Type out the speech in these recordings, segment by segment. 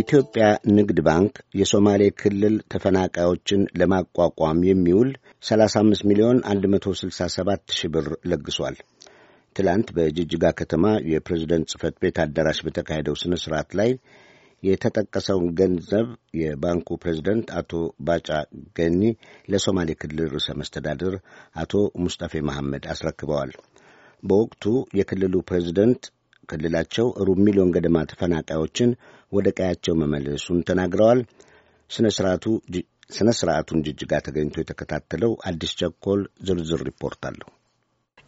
የኢትዮጵያ ንግድ ባንክ የሶማሌ ክልል ተፈናቃዮችን ለማቋቋም የሚውል 35 ሚሊዮን 167 ሺህ ብር ለግሷል። ትላንት በጅጅጋ ከተማ የፕሬዝደንት ጽህፈት ቤት አዳራሽ በተካሄደው ሥነ ሥርዓት ላይ የተጠቀሰውን ገንዘብ የባንኩ ፕሬዝደንት አቶ ባጫ ገኒ ለሶማሌ ክልል ርዕሰ መስተዳድር አቶ ሙስጠፌ መሐመድ አስረክበዋል። በወቅቱ የክልሉ ፕሬዝደንት ክልላቸው ሩብ ሚሊዮን ገደማ ተፈናቃዮችን ወደ ቀያቸው መመለሱን ተናግረዋል። ስነ ስርዓቱን ጅጅጋ ተገኝቶ የተከታተለው አዲስ ቸኮል ዝርዝር ሪፖርት አለው።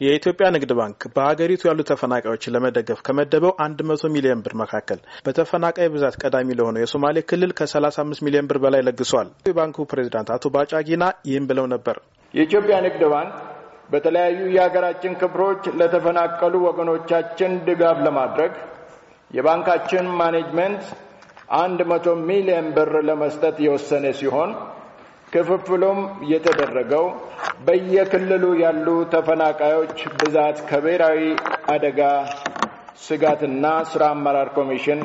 የኢትዮጵያ ንግድ ባንክ በሀገሪቱ ያሉ ተፈናቃዮችን ለመደገፍ ከመደበው 100 ሚሊዮን ብር መካከል በተፈናቃይ ብዛት ቀዳሚ ለሆነው የሶማሌ ክልል ከ35 ሚሊዮን ብር በላይ ለግሷል። የባንኩ ፕሬዚዳንት አቶ ባጫጊና ይህም ብለው ነበር። የኢትዮጵያ ንግድ ባንክ በተለያዩ የሀገራችን ክፍሎች ለተፈናቀሉ ወገኖቻችን ድጋፍ ለማድረግ የባንካችን ማኔጅመንት አንድ መቶ ሚሊዮን ብር ለመስጠት የወሰነ ሲሆን ክፍፍሉም የተደረገው በየክልሉ ያሉ ተፈናቃዮች ብዛት ከብሔራዊ አደጋ ስጋትና ስራ አመራር ኮሚሽን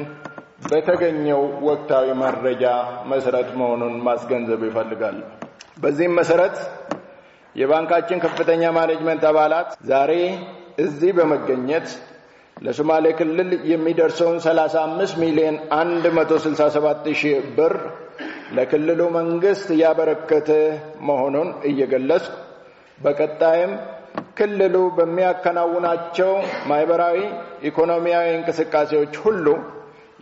በተገኘው ወቅታዊ መረጃ መሰረት መሆኑን ማስገንዘብ ይፈልጋል። በዚህም መሰረት የባንካችን ከፍተኛ ማኔጅመንት አባላት ዛሬ እዚህ በመገኘት ለሶማሌ ክልል የሚደርሰውን 35 ሚሊዮን 167 ሺህ ብር ለክልሉ መንግስት ያበረከተ መሆኑን እየገለጽ በቀጣይም ክልሉ በሚያከናውናቸው ማህበራዊ፣ ኢኮኖሚያዊ እንቅስቃሴዎች ሁሉ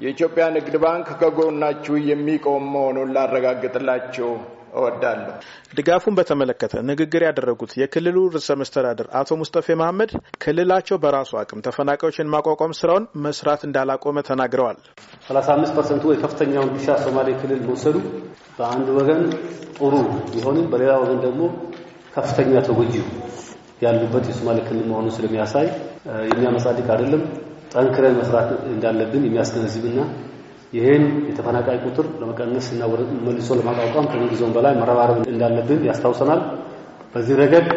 የኢትዮጵያ ንግድ ባንክ ከጎናችሁ የሚቆም መሆኑን ላረጋግጥላችሁ እወዳለሁ። ድጋፉን በተመለከተ ንግግር ያደረጉት የክልሉ ርዕሰ መስተዳድር አቶ ሙስጠፌ መሀመድ ክልላቸው በራሱ አቅም ተፈናቃዮችን ማቋቋም ስራውን መስራት እንዳላቆመ ተናግረዋል። 35 አምስት ፐርሰንቱ የከፍተኛውን ድርሻ ሶማሌ ክልል መውሰዱ በአንድ ወገን ጥሩ ቢሆንም በሌላ ወገን ደግሞ ከፍተኛ ተጎጂ ያሉበት የሶማሌ ክልል መሆኑን ስለሚያሳይ የሚያመጻድቅ አይደለም። ጠንክረን መስራት እንዳለብን የሚያስገነዝብና ይህን የተፈናቃይ ቁጥር ለመቀነስ እና መልሶ ለማቋቋም ከምንጊዜውም በላይ መረባረብ እንዳለብን ያስታውሰናል። በዚህ ረገድ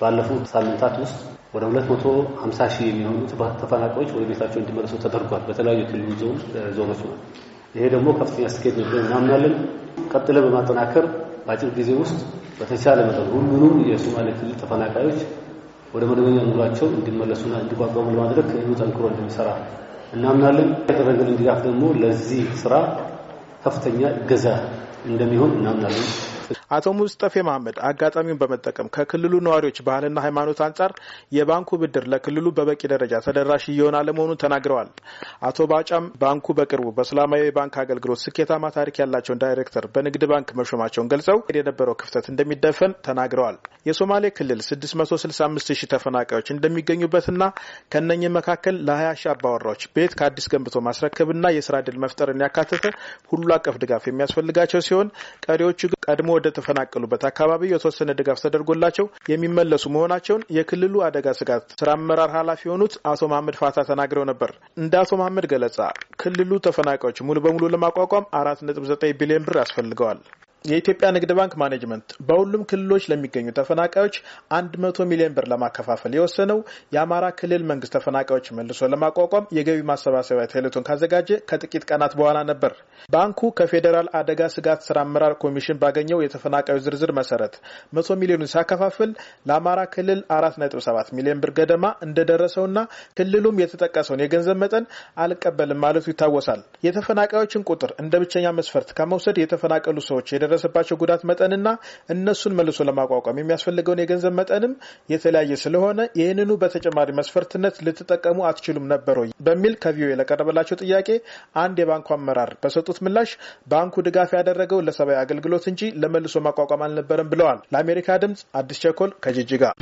ባለፉት ሳምንታት ውስጥ ወደ 250 ሺህ የሚሆኑ ተፈናቃዮች ወደ ቤታቸው እንዲመለሱ ተደርጓል። በተለያዩ ክልሉ ዞኖች ነው። ይሄ ደግሞ ከፍተኛ ስኬት ነበር እናምናለን። ቀጥለ በማጠናከር በአጭር ጊዜ ውስጥ በተቻለ መጠን ሁሉንም የሶማሌ ክልል ተፈናቃዮች ወደ መደበኛ ኑሯቸው እንዲመለሱና እንዲቋቋሙ ለማድረግ ክልሉ ጠንክሮ እንደሚሰራ እናምናለን። ያደረገልን ድጋፍ ደግሞ ለዚህ ስራ ከፍተኛ እገዛ እንደሚሆን እናምናለን። አቶ ሙስጠፌ መሀመድ አጋጣሚውን በመጠቀም ከክልሉ ነዋሪዎች ባህልና ሃይማኖት አንጻር የባንኩ ብድር ለክልሉ በበቂ ደረጃ ተደራሽ እየሆነ አለመሆኑን ተናግረዋል። አቶ ባጫም ባንኩ በቅርቡ በሰላማዊ የባንክ አገልግሎት ስኬታማ ታሪክ ያላቸውን ዳይሬክተር በንግድ ባንክ መሾማቸውን ገልጸው የነበረው ክፍተት እንደሚደፈን ተናግረዋል። የሶማሌ ክልል 665 ሺህ ተፈናቃዮች እንደሚገኙበትና ከእነኚህ መካከል ለ20 ሺህ አባወራዎች ቤት ከአዲስ ገንብቶ ማስረከብና የስራ እድል መፍጠርን ያካተተ ሁሉ አቀፍ ድጋፍ የሚያስፈልጋቸው ሲሆን ቀሪዎቹ ቀድሞ ወደ በተፈናቀሉበት አካባቢ የተወሰነ ድጋፍ ተደርጎላቸው የሚመለሱ መሆናቸውን የክልሉ አደጋ ስጋት ስራ አመራር ኃላፊ የሆኑት አቶ መሀመድ ፋታ ተናግረው ነበር። እንደ አቶ መሀመድ ገለጻ ክልሉ ተፈናቃዮች ሙሉ በሙሉ ለማቋቋም አራት ነጥብ ዘጠኝ ቢሊዮን ብር ያስፈልገዋል። የኢትዮጵያ ንግድ ባንክ ማኔጅመንት በሁሉም ክልሎች ለሚገኙ ተፈናቃዮች አንድ መቶ ሚሊዮን ብር ለማከፋፈል የወሰነው የአማራ ክልል መንግስት ተፈናቃዮች መልሶ ለማቋቋም የገቢ ማሰባሰቢያ ቴሌቶን ካዘጋጀ ከጥቂት ቀናት በኋላ ነበር። ባንኩ ከፌዴራል አደጋ ስጋት ስራ አመራር ኮሚሽን ባገኘው የተፈናቃዮች ዝርዝር መሰረት መቶ ሚሊዮኑን ሲያከፋፍል ለአማራ ክልል አራት ነጥብ ሰባት ሚሊዮን ብር ገደማ እንደደረሰውና ክልሉም የተጠቀሰውን የገንዘብ መጠን አልቀበልም ማለቱ ይታወሳል። የተፈናቃዮችን ቁጥር እንደ ብቸኛ መስፈርት ከመውሰድ የተፈናቀሉ ሰዎች የደረ የደረሰባቸው ጉዳት መጠንና እነሱን መልሶ ለማቋቋም የሚያስፈልገውን የገንዘብ መጠንም የተለያየ ስለሆነ ይህንኑ በተጨማሪ መስፈርትነት ልትጠቀሙ አትችሉም ነበረ በሚል ከቪኦኤ ለቀረበላቸው ጥያቄ አንድ የባንኩ አመራር በሰጡት ምላሽ ባንኩ ድጋፍ ያደረገው ለሰብአዊ አገልግሎት እንጂ ለመልሶ ማቋቋም አልነበረም ብለዋል። ለአሜሪካ ድምጽ አዲስ ቸኮል ከጅጅጋ